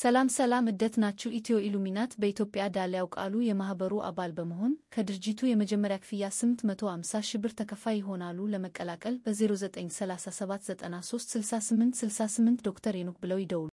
ሰላም ሰላም እደት ናችሁ ኢትዮ ኢሉሚናት በኢትዮጵያ ዳላ ያውቃሉ የማኅበሩ አባል በመሆን ከድርጅቱ የመጀመሪያ ክፍያ 850 ሺህ ብር ተከፋይ ይሆናሉ። ለመቀላቀል በ0937936868 ዶክተር ሄኖክ ብለው ይደውሉ።